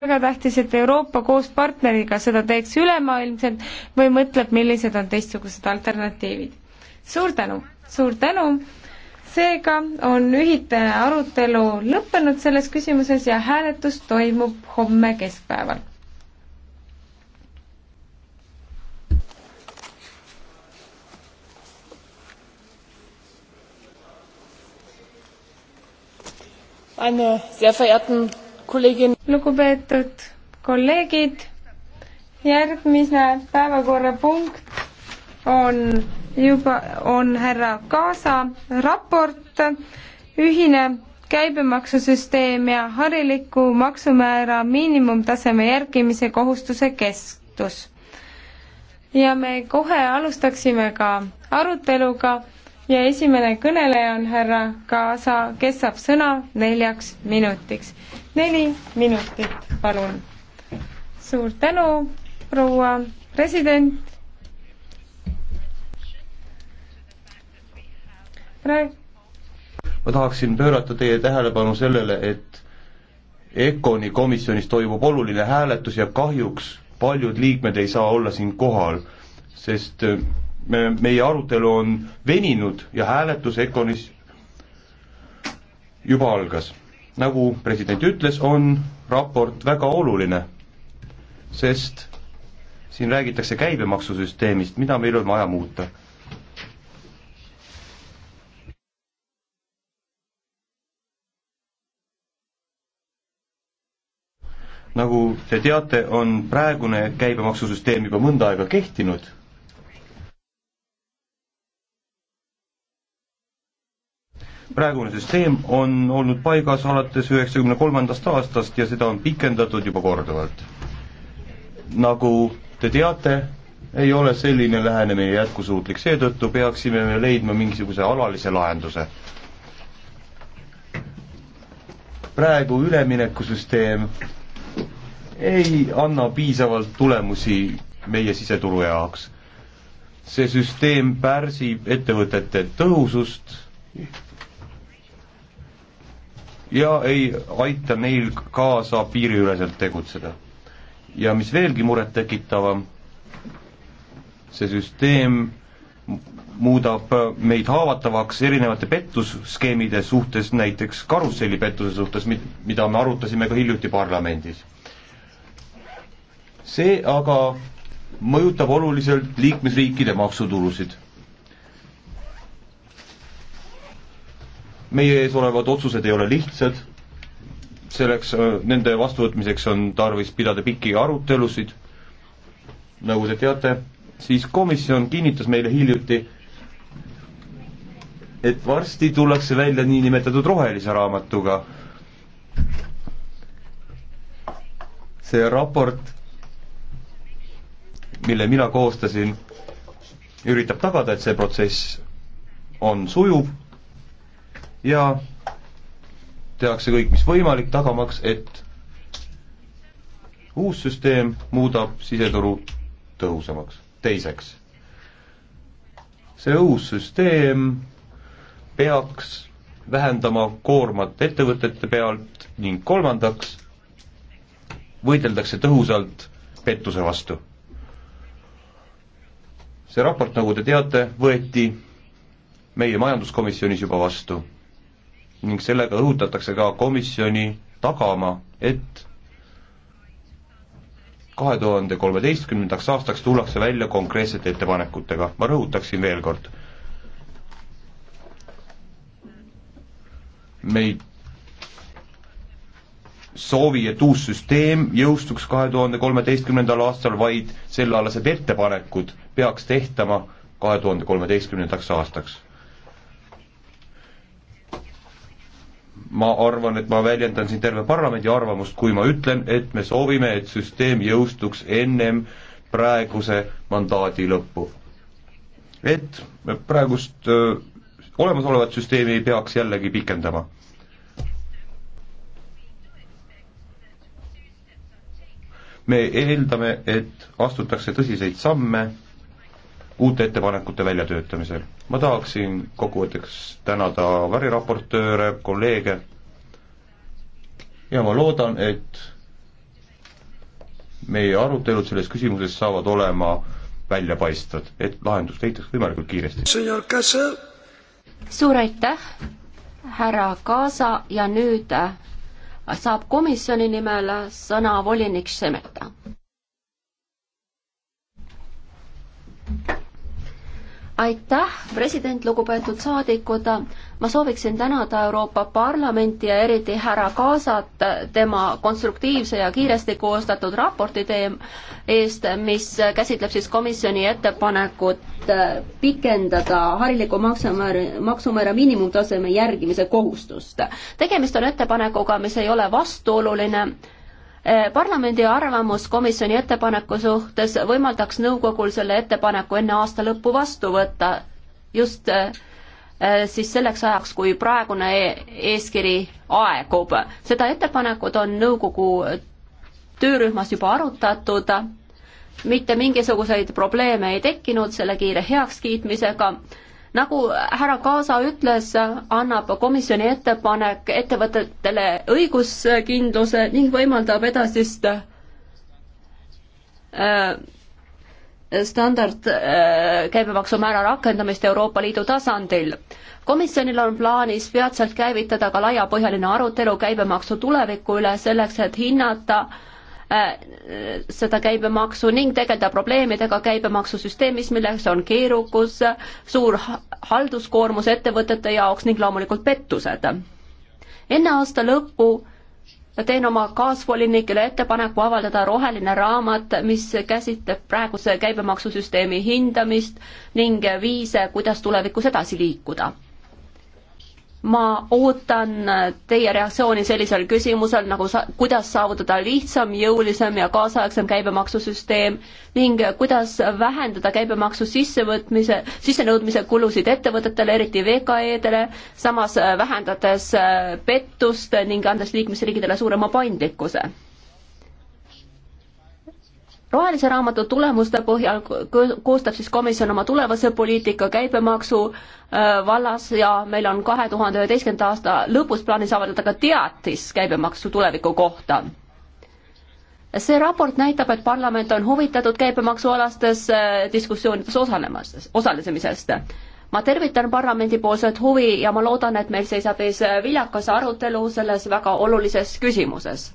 väga tähtis, et Euroopa koos partneriga seda teeks ülemaailmselt või mõtleb, millised on teistsugused alternatiivid. suur tänu, suur tänu, seega on ühitene arutelu lõppenud selles küsimuses ja hääletus toimub homme keskpäeval. Meine sehr verehrten lugupeetud kolleegid, järgmine päevakorrapunkt on juba, on härra Kaasa raport ühine käibemaksusüsteem ja hariliku maksumäära miinimumtaseme järgimise kohustuse kestus. ja me kohe alustaksime ka aruteluga ja esimene kõneleja on härra Kaasa, kes saab sõna neljaks minutiks neli minutit, palun. suur tänu, proua president. ma tahaksin pöörata teie tähelepanu sellele, et ECONi komisjonis toimub oluline hääletus ja kahjuks paljud liikmed ei saa olla siin kohal, sest äh, me, meie arutelu on veninud ja hääletus ECONis juba algas nagu president ütles, on raport väga oluline, sest siin räägitakse käibemaksusüsteemist, mida meil on vaja muuta. nagu te teate, on praegune käibemaksusüsteem juba mõnda aega kehtinud praegune süsteem on olnud paigas alates üheksakümne kolmandast aastast ja seda on pikendatud juba korduvalt. nagu te teate, ei ole selline lähenemine jätkusuutlik, seetõttu peaksime me leidma mingisuguse alalise lahenduse. praegu üleminekusüsteem ei anna piisavalt tulemusi meie siseturu jaoks. see süsteem pärsib ettevõtete tõhusust ja ei aita meil kaasa piiriüleselt tegutseda. ja mis veelgi murettekitavam, see süsteem muudab meid haavatavaks erinevate pettusskeemide suhtes, näiteks karussellipettuse suhtes, mida me arutasime ka hiljuti parlamendis. see aga mõjutab oluliselt liikmesriikide maksutulusid meie ees olevad otsused ei ole lihtsad, selleks, äh, nende vastuvõtmiseks on tarvis pidada pikki arutelusid, nagu te teate, siis komisjon kinnitas meile hiljuti, et varsti tullakse välja niinimetatud rohelise raamatuga. see raport, mille mina koostasin, üritab tagada, et see protsess on sujuv ja tehakse kõik, mis võimalik, tagamaks, et uus süsteem muudab siseturu tõhusamaks. teiseks, see uus süsteem peaks vähendama koormat ettevõtete pealt ning kolmandaks, võideldakse tõhusalt pettuse vastu. see raport, nagu te teate, võeti meie majanduskomisjonis juba vastu ning sellega õhutatakse ka komisjoni tagama, et kahe tuhande kolmeteistkümnendaks aastaks tullakse välja konkreetsete ettepanekutega, ma rõhutaksin veel kord. me ei soovi, et uus süsteem jõustuks kahe tuhande kolmeteistkümnendal aastal, vaid sellealased ettepanekud peaks tehtama kahe tuhande kolmeteistkümnendaks aastaks ma arvan, et ma väljendan siin terve parlamendi arvamust, kui ma ütlen, et me soovime, et süsteem jõustuks ennem praeguse mandaadi lõppu. et praegust öö, olemasolevat süsteemi ei peaks jällegi pikendama. me eeldame, et astutakse tõsiseid samme uute ettepanekute väljatöötamisel. ma tahaksin kokkuvõtteks tänada variraportööre, kolleege ja ma loodan, et meie arutelud selles küsimuses saavad olema väljapaistvad, et lahendus leitaks võimalikult kiiresti. suur aitäh, härra Kaasa ja nüüd äh, saab komisjoni nimel sõna volinik Šemeta aitäh, president, lugupeetud saadikud. ma sooviksin tänada Euroopa Parlamenti ja eriti härra Kaasat tema konstruktiivse ja kiiresti koostatud raporti eest, mis käsitleb siis komisjoni ettepanekut pikendada hariliku maksumäära, maksumäära miinimumtaseme järgimise kohustust. tegemist on ettepanekuga, mis ei ole vastuoluline Eh, parlamendi arvamus komisjoni ettepaneku suhtes võimaldaks nõukogul selle ettepaneku enne aasta lõppu vastu võtta just eh, eh, siis selleks ajaks, kui praegune e-, eeskiri aegub. seda ettepanekut on nõukogu töörühmas juba arutatud, mitte mingisuguseid probleeme ei tekkinud selle kiire heakskiitmisega nagu härra Kaasa ütles, annab komisjoni ettepanek ettevõtetele õiguskindluse ning võimaldab edasist äh, standard äh, käibemaksumäära rakendamist Euroopa Liidu tasandil. komisjonil on plaanis peatselt käivitada ka laiapõhjaline arutelu käibemaksu tuleviku üle, selleks et hinnata äh, Äh, seda käibemaksu ning tegeleda probleemidega käibemaksusüsteemis, milleks on keerukus, suur halduskoormus ettevõtete jaoks ning loomulikult pettused. enne aasta lõppu teen oma kaasvolinikele ettepaneku avaldada roheline raamat, mis käsitleb praeguse käibemaksusüsteemi hindamist ning viise, kuidas tulevikus edasi liikuda ma ootan teie reaktsiooni sellisel küsimusel nagu sa-, kuidas saavutada lihtsam, jõulisem ja kaasaegsem käibemaksusüsteem ning kuidas vähendada käibemaksu sissevõtmise, sissenõudmise kulusid ettevõtetele, eriti VKE-dele, samas vähendades pettust ning andes liikmesriikidele suurema paindlikkuse rohelise raamatu tulemuste põhjal koostab siis komisjon oma tulevase poliitika käibemaksu äh, vallas ja meil on kahe tuhande üheteistkümnenda aasta lõpus plaanis avaldada ka teatis käibemaksu tuleviku kohta. see raport näitab, et parlament on huvitatud käibemaksualastes äh, diskussioonides osalemas, osalesemisest. ma tervitan parlamendipoolset huvi ja ma loodan, et meil seisab ees viljakas arutelu selles väga olulises küsimuses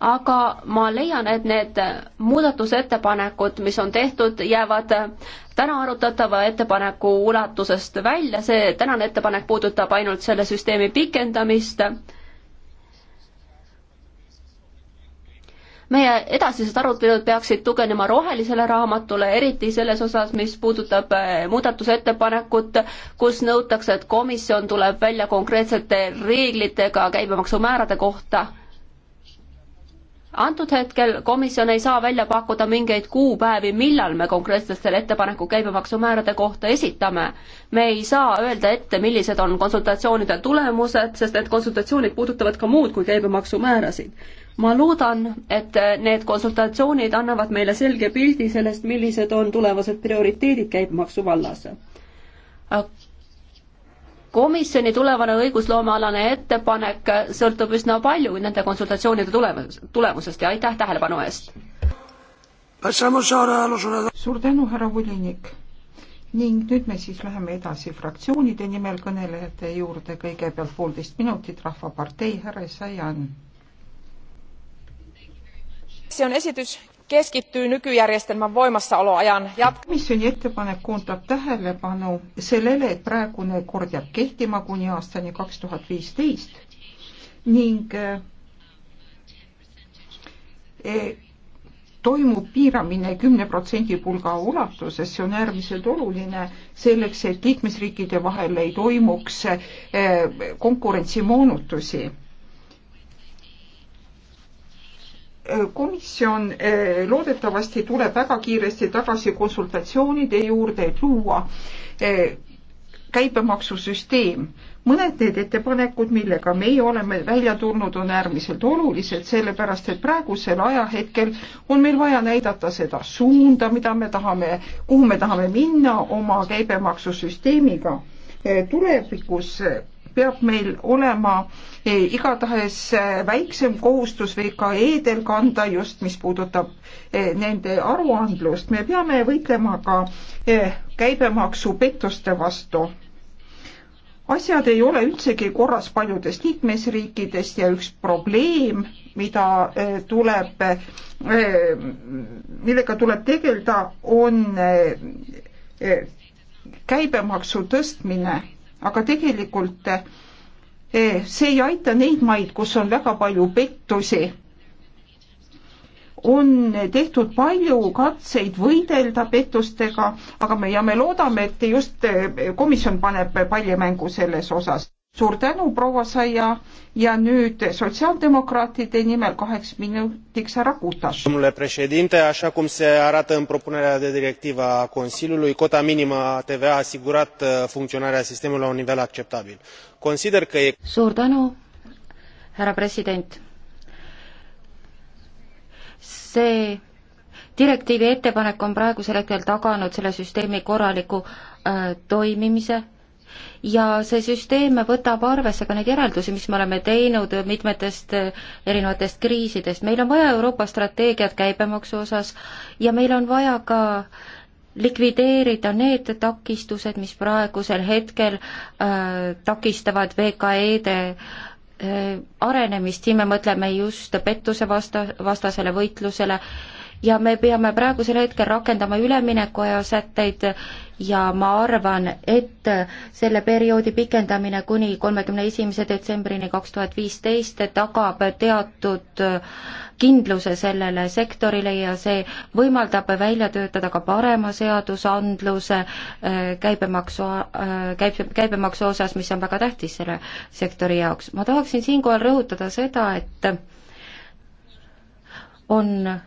aga ma leian, et need muudatusettepanekud, mis on tehtud, jäävad täna arutatava ettepaneku ulatusest välja, see tänane ettepanek puudutab ainult selle süsteemi pikendamist. meie edasised arutelud peaksid tuginema rohelisele raamatule, eriti selles osas, mis puudutab eh, muudatusettepanekut, kus nõutakse, et komisjon tuleb välja konkreetsete reeglitega käibemaksumäärade kohta antud hetkel komisjon ei saa välja pakkuda mingeid kuupäevi, millal me konkreetselt selle ettepaneku käibemaksumäärade kohta esitame. me ei saa öelda ette, millised on konsultatsioonide tulemused, sest need konsultatsioonid puudutavad ka muud kui käibemaksumäärasid. ma loodan, et need konsultatsioonid annavad meile selge pildi sellest, millised on tulevased prioriteedid käibemaksu vallas komisjoni tulevane õigusloomealane ettepanek sõltub üsna palju nende konsultatsioonide tulemus, tulemusest ja aitäh tähelepanu eest! suur tänu, härra volinik! ning nüüd me siis läheme edasi fraktsioonide nimel kõnelejate juurde, kõigepealt poolteist minutit, Rahvapartei, härra Essayan. see on esitys keskittyy nykyjärjestelmän voimassaoloajan jat- komisjoni ettepanek koondab tähelepanu sellele, et praegune kord jääb kehtima kuni aastani kaks tuhat viisteist ning eh, eh, toimub piiramine kümne protsendi pulga ulatuses, see on äärmiselt oluline selleks, et liikmesriikide vahel ei toimuks eh, konkurentsimoonutusi komisjon eh, loodetavasti tuleb väga kiiresti tagasi konsultatsioonide juurde, et luua eh, käibemaksusüsteem. mõned need ettepanekud, millega meie oleme välja tulnud, on äärmiselt olulised, sellepärast et praegusel ajahetkel on meil vaja näidata seda suunda, mida me tahame, kuhu me tahame minna oma käibemaksusüsteemiga. Eh, tulevikus peab meil olema eh, igatahes eh, väiksem kohustus VKE-del kanda just, mis puudutab eh, nende aruandlust. me peame võitlema ka käibemaksupettuste vastu asjad ei ole üldsegi korras paljudes liikmesriikides ja üks probleem, mida tuleb, millega tuleb tegeleda, on käibemaksu tõstmine aga tegelikult eh, see ei aita neid maid, kus on väga palju pettusi. on tehtud palju katseid võidelda pettustega, aga me ja me loodame, et just eh, komisjon paneb palli mängu selles osas suur tänu, proua Saia ja nüüd sotsiaaldemokraatide nimel kaheks minutiks härra Kutas. domnule președinte, așa cum se arată în propunerea de directivă a Consiliului, cota minimă a TVA a asigurat uh, funcționarea sistemului la un nivel acceptabil. Consider că e... suur tänu, härra president. see direktiivi ettepanek on praegusel hetkel taganud selle süsteemi korraliku äh, toimimise ja see süsteem võtab arvesse ka neid järeldusi, mis me oleme teinud mitmetest äh, erinevatest kriisidest. meil on vaja Euroopa strateegiat käibemaksu osas ja meil on vaja ka likvideerida need takistused, mis praegusel hetkel äh, takistavad VKE-de äh, arenemist, siin me mõtleme just pettuse vasta, vastasele võitlusele ja me peame praegusel hetkel rakendama üleminekuaja sätteid ja ma arvan, et selle perioodi pikendamine kuni kolmekümne esimese detsembrini kaks tuhat viisteist tagab teatud kindluse sellele sektorile ja see võimaldab välja töötada ka parema seadusandluse äh, käibemaksu, äh, käib, käibemaksu osas, mis on väga tähtis selle sektori jaoks. ma tahaksin siinkohal rõhutada seda, et on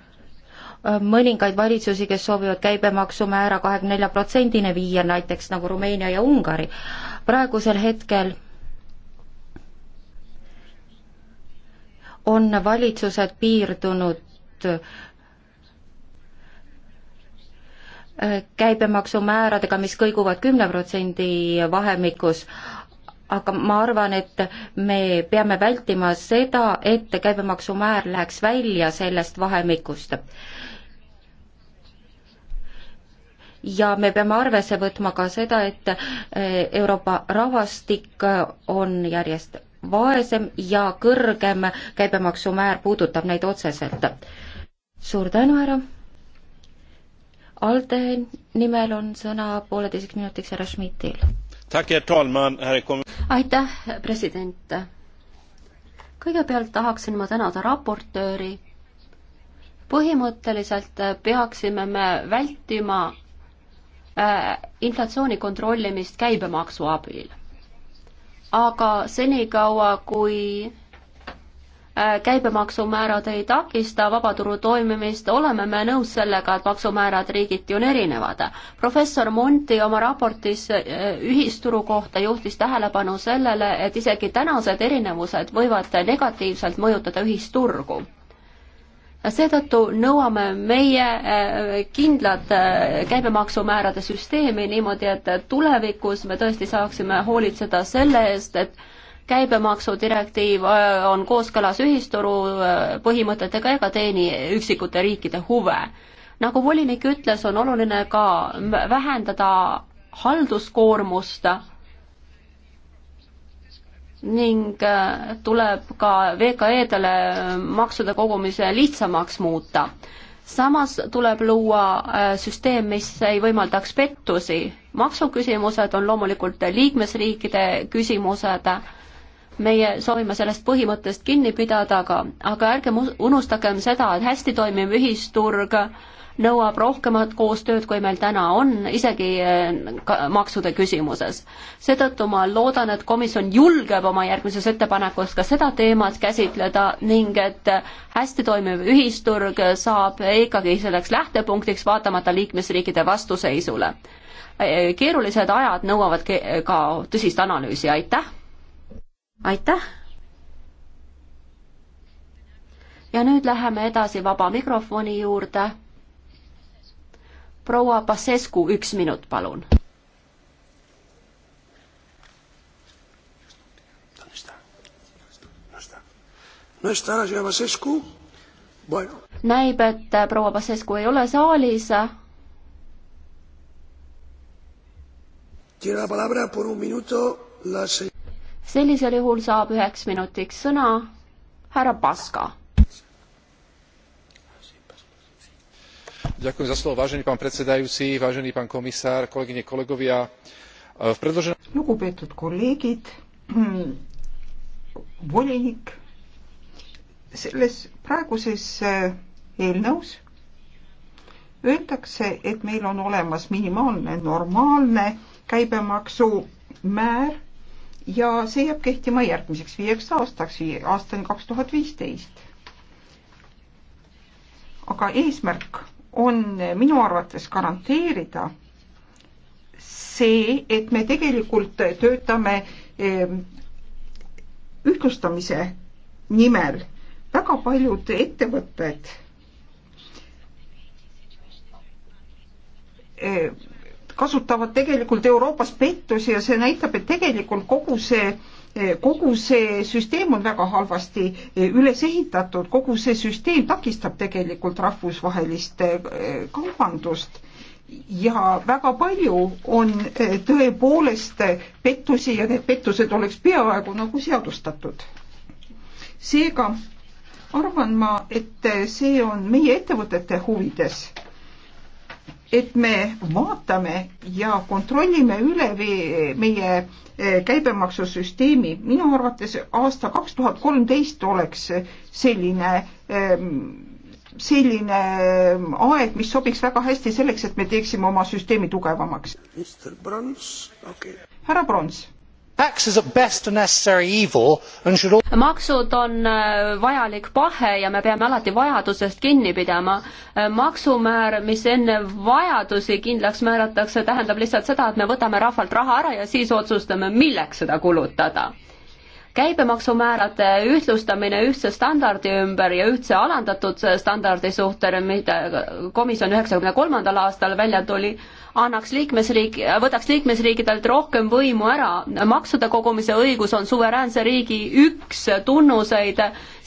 Äh, mõningaid valitsusi, kes soovivad käibemaksumäära kahekümne nelja protsendini viia, näiteks nagu Rumeenia ja Ungari. praegusel hetkel on valitsused piirdunud äh, käibemaksumääradega, mis kõiguvad kümne protsendi vahemikus, aga ma arvan, et me peame vältima seda, et käibemaksumäär läheks välja sellest vahemikust ja me peame arvesse võtma ka seda, et eh, Euroopa rahvastik eh, on järjest vaesem ja kõrgem käibemaksumäär puudutab neid otseselt. suur tänu, härra! ALDE nimel on sõna pooleteiseks minutiks härra Schmidtil. aitäh, president! kõigepealt tahaksin ma tänada raportööri põhimõtteliselt peaksime me vältima Äh, inflatsiooni kontrollimist käibemaksu abil. aga senikaua, kui äh, käibemaksumäärad ei takista vabaturu toimimist, oleme me nõus sellega, et maksumäärad riigiti on erinevad. professor Monti oma raportis äh, ühisturu kohta juhtis tähelepanu sellele, et isegi tänased erinevused võivad negatiivselt mõjutada ühisturgu seetõttu nõuame meie äh, kindlat äh, käibemaksumäärade süsteemi niimoodi, et tulevikus me tõesti saaksime hoolitseda selle eest, et käibemaksudirektiiv äh, on kooskõlas ühisturu põhimõtetega ega teeni üksikute riikide huve. nagu volinik ütles, on oluline ka vähendada halduskoormust ning äh, tuleb ka VKE-dele maksude kogumise lihtsamaks muuta. samas tuleb luua äh, süsteem, mis ei võimaldaks pettusi. maksuküsimused on loomulikult liikmesriikide küsimused, meie soovime sellest põhimõttest kinni pidada, aga, aga ärgem unustagem seda, et hästi toimiv ühisturg äh, nõuab rohkemat koostööd, kui meil täna on, isegi eh, maksude küsimuses. seetõttu ma loodan, et komisjon julgeb oma järgmises ettepanekus ka seda teemat käsitleda ning et hästi toimiv ühisturg saab ikkagi selleks lähtepunktiks, vaatamata liikmesriikide vastuseisule. Eh, keerulised ajad nõuavad ka tõsist analüüsi, aitäh! aitäh! ja nüüd läheme edasi vaba mikrofoni juurde proua Pasescu, üks minut, palun. näib, et proua Pasescu ei ole saalis. sellisel juhul saab üheks minutiks sõna härra Paska E, lugupeetud kolleegid hmm, volinik selles praeguses e, eelnõus öeldakse et meil on olemas minimaalne normaalne käibemaksumäär ja see jääb kehtima järgmiseks viieks aastaks aastani kaks tuhat viisteist aga eesmärk on minu arvates garanteerida see, et me tegelikult töötame ehm, ühtlustamise nimel. väga paljud ettevõtted ehm, kasutavad tegelikult Euroopas pettusi ja see näitab, et tegelikult kogu see kogu see süsteem on väga halvasti eh, üles ehitatud, kogu see süsteem takistab tegelikult rahvusvahelist eh, kaubandust ja väga palju on eh, tõepoolest pettusi ja need pettused oleks peaaegu nagu seadustatud. seega arvan ma, et see on meie ettevõtete huvides et me vaatame ja kontrollime üle meie eh, käibemaksusüsteemi. minu arvates aasta kaks tuhat kolmteist oleks selline ehm, selline ehm, aeg, mis sobiks väga hästi selleks, et me teeksime oma süsteemi tugevamaks. härra Brons okay maksud on äh, vajalik pahe ja me peame alati vajadusest kinni pidama. Äh, maksumäär, mis enne vajadusi kindlaks määratakse, tähendab lihtsalt seda, et me võtame rahvalt raha ära ja siis otsustame, milleks seda kulutada käibemaksumäärade ühtlustamine ühtse standardi ümber ja ühtse alandatud standardi suhtel, mida komisjon üheksakümne kolmandal aastal välja tuli, annaks liikmesriik, võtaks liikmesriikidelt rohkem võimu ära. maksude kogumise õigus on suveräänse riigi üks tunnuseid,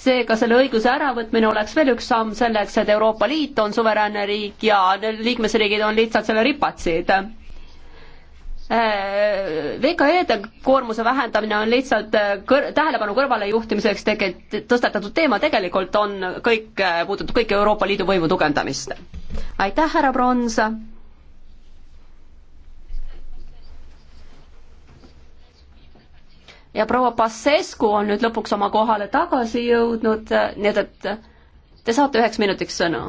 seega selle õiguse äravõtmine oleks veel üks samm selleks, et Euroopa Liit on suveräänne riik ja liikmesriigid on lihtsalt selle ripatsid. Äh, VKE-de koormuse vähendamine on lihtsalt äh, kõr-, tähelepanu kõrvalejuhtimiseks tegelikult tõstatatud teema, tegelikult on kõik, äh, puudutab kõike Euroopa Liidu võimu tugevdamist. aitäh, härra Prons! ja proua Pasescu on nüüd lõpuks oma kohale tagasi jõudnud, äh, nii et, et äh, te saate üheks minutiks sõna.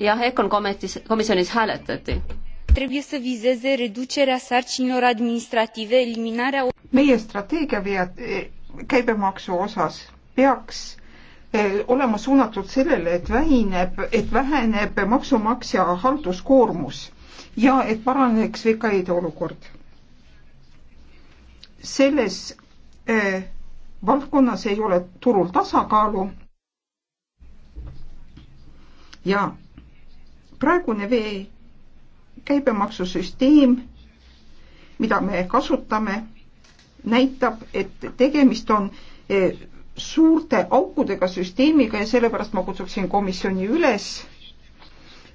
jah, EKOn komitis, komisjonis hääletati. meie strateegia via e, käibemaksu osas peaks e, olema suunatud sellele, et vähineb, et väheneb maksumaksja halduskoormus ja et paraneks VKI-de olukord selles äh, valdkonnas ei ole turul tasakaalu ja praegune vee käibemaksusüsteem, mida me kasutame, näitab, et tegemist on äh, suurte aukudega süsteemiga ja sellepärast ma kutsuksin komisjoni üles,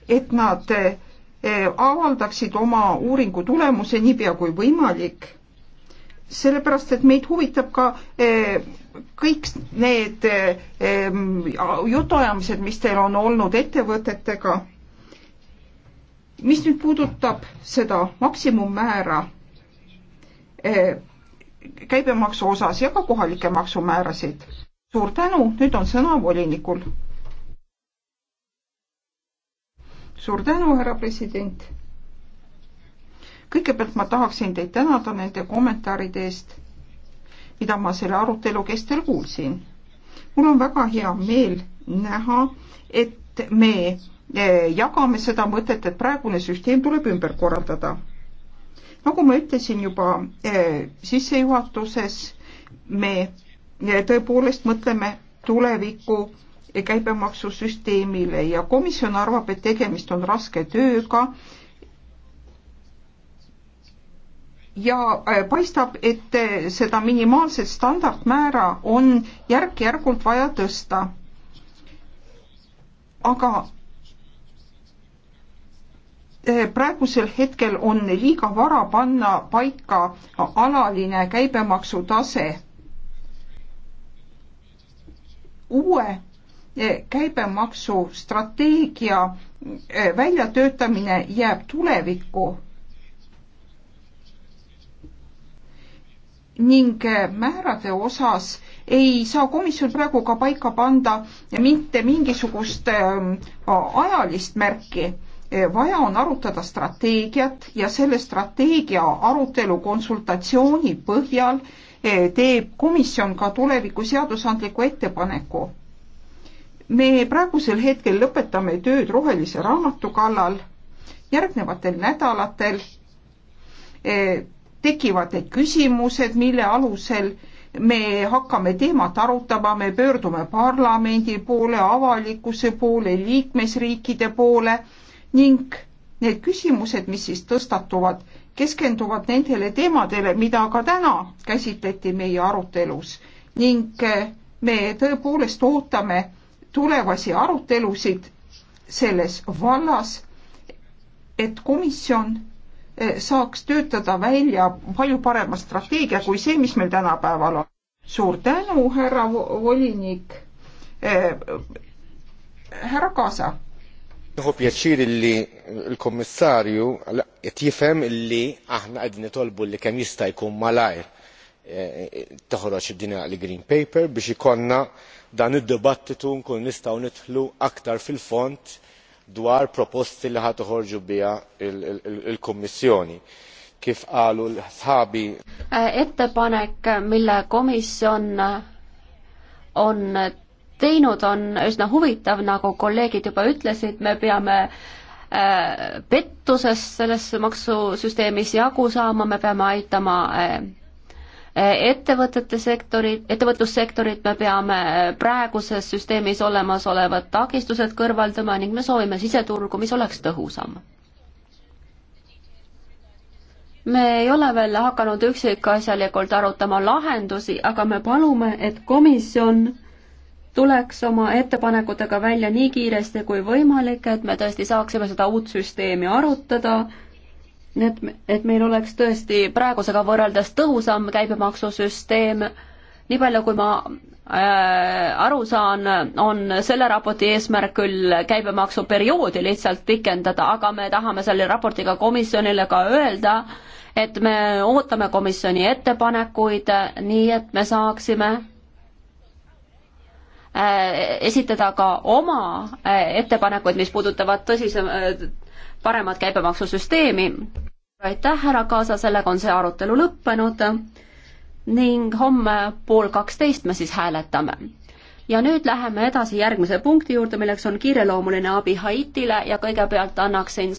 et nad äh, avaldaksid oma uuringu tulemuse niipea kui võimalik sellepärast, et meid huvitab ka eh, kõik need eh, eh, jutuajamised, mis teil on olnud ettevõtetega. mis nüüd puudutab seda maksimummäära käibemaksu osas ja ka kohalikke maksumäärasid. suur tänu, nüüd on sõna volinikul. suur tänu, härra president kõigepealt ma tahaksin teid tänada nende kommentaaride eest, mida ma selle arutelu kestel kuulsin. mul on väga hea meel näha, et me eh, jagame seda mõtet, et praegune süsteem tuleb ümber korraldada. nagu ma ütlesin juba eh, sissejuhatuses, me eh, tõepoolest mõtleme tuleviku käibemaksusüsteemile ja komisjon arvab, et tegemist on raske tööga ja äh, paistab, et äh, seda minimaalset standardmäära on järk-järgult vaja tõsta. aga äh, praegusel hetkel on liiga vara panna paika alaline käibemaksutase. uue käibemaksustrateegia väljatöötamine jääb tulevikku ning määrade osas ei saa komisjon praegu ka paika panda mitte mingisugust ähm, ajalist märki. vaja on arutada strateegiat ja selle strateegia arutelu konsultatsiooni põhjal äh, teeb komisjon ka tuleviku seadusandliku ettepaneku. me praegusel hetkel lõpetame tööd rohelise raamatu kallal. järgnevatel nädalatel äh, tekivad need küsimused, mille alusel me hakkame teemat arutama, me pöördume parlamendi poole, avalikkuse poole, liikmesriikide poole ning need küsimused, mis siis tõstatuvad, keskenduvad nendele teemadele, mida ka täna käsitleti meie arutelus ning eh, me tõepoolest ootame tulevasi arutelusid selles vallas, et komisjon Eh, saaks töötada välja palju parema strateegia kui see, mis meil tänapäeval on. suur tänu, härra volinik. Eh, härra Kaasa. Nħu pjaċir li l-Kommissarju qed jifhem li aħna qegħdin nitolbu li kemm jista' jkun malajr eh, toħroġ din li green paper biex ikonna dan id-dibattitu nkun nistgħu nidħlu aktar fil-fond dwar proposti li ħadd toħorġu biha il kummissjoni kif qalu sħabi ettepanek eh, mille komisjon eh, on teinud, on üsna huvitav, nagu kolleegid juba ütlesid, me peame eh, pettusest selles maksusüsteemis jagu saama, me peame aitama ettevõtete sektori, ettevõtlussektorit me peame äh, praeguses süsteemis olemasolevad takistused kõrvaldama ning me soovime siseturgu, mis oleks tõhusam. me ei ole veel hakanud üksikasjalikult arutama lahendusi, aga me palume, et komisjon tuleks oma ettepanekutega välja nii kiiresti kui võimalik, et me tõesti saaksime seda uut süsteemi arutada nii et, et meil oleks tõesti praegusega võrreldes tõhusam käibemaksusüsteem. nii palju, kui ma äh, aru saan, on selle raporti eesmärk küll käibemaksuperioodi lihtsalt pikendada, aga me tahame selle raportiga komisjonile ka öelda, et me ootame komisjoni ettepanekuid, nii et me saaksime äh, esitada ka oma äh, ettepanekuid, mis puudutavad tõsisem, äh, paremat käibemaksusüsteemi aitäh, härra Kaasa, sellega on see arutelu lõppenud ning homme pool kaksteist me siis hääletame. ja nüüd läheme edasi järgmise punkti juurde, milleks on kiireloomuline abi Haitile ja kõigepealt annaksin